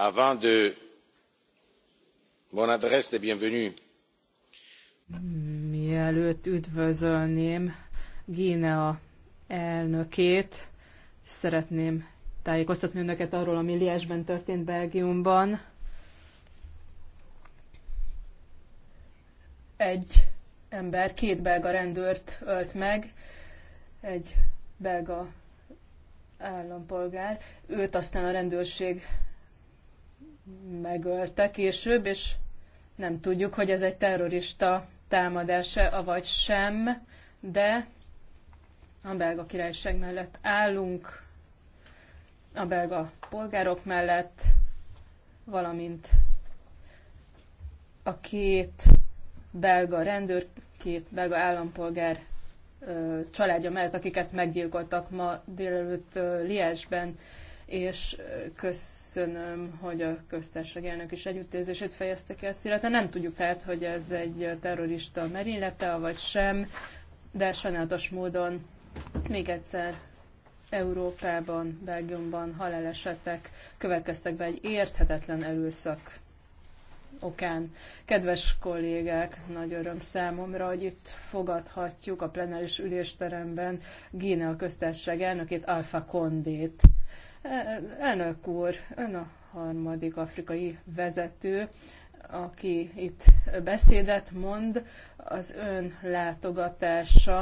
avant mon adresse de bienvenue mielőtt üdvözölném guinea elnökét szeretném tájékoztatni önöket arról ami liesben történt belgiumban egy ember két belga rendőrt ölt meg egy belga állampolgár őt aztán a rendőrség megölte később, és nem tudjuk, hogy ez egy terrorista támadása, vagy sem, de a belga királyság mellett állunk, a belga polgárok mellett, valamint a két belga rendőr, két belga állampolgár családja mellett, akiket meggyilkoltak ma délelőtt Liesben és köszönöm, hogy a köztársaság elnök is együttérzését fejezte ki ezt, illetve nem tudjuk tehát, hogy ez egy terrorista merénylete, vagy sem, de sajnálatos módon még egyszer Európában, Belgiumban halálesetek következtek be egy érthetetlen erőszak okán. Kedves kollégák, nagy öröm számomra, hogy itt fogadhatjuk a plenáris ülésteremben Gíne a köztársaság elnökét, Alfa Kondét. Elnök úr, ön a harmadik afrikai vezető, aki itt beszédet mond, az ön látogatása